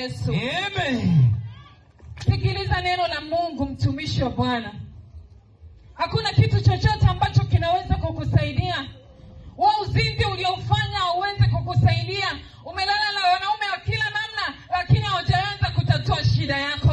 Yesu. Amen. Sikiliza neno la Mungu, mtumishi wa Bwana. Hakuna kitu chochote ambacho kinaweza kukusaidia wa uzinzi uliofanya hauwezi kukusaidia. Umelala na wanaume wa kila namna, lakini hawajaweza kutatua shida yako.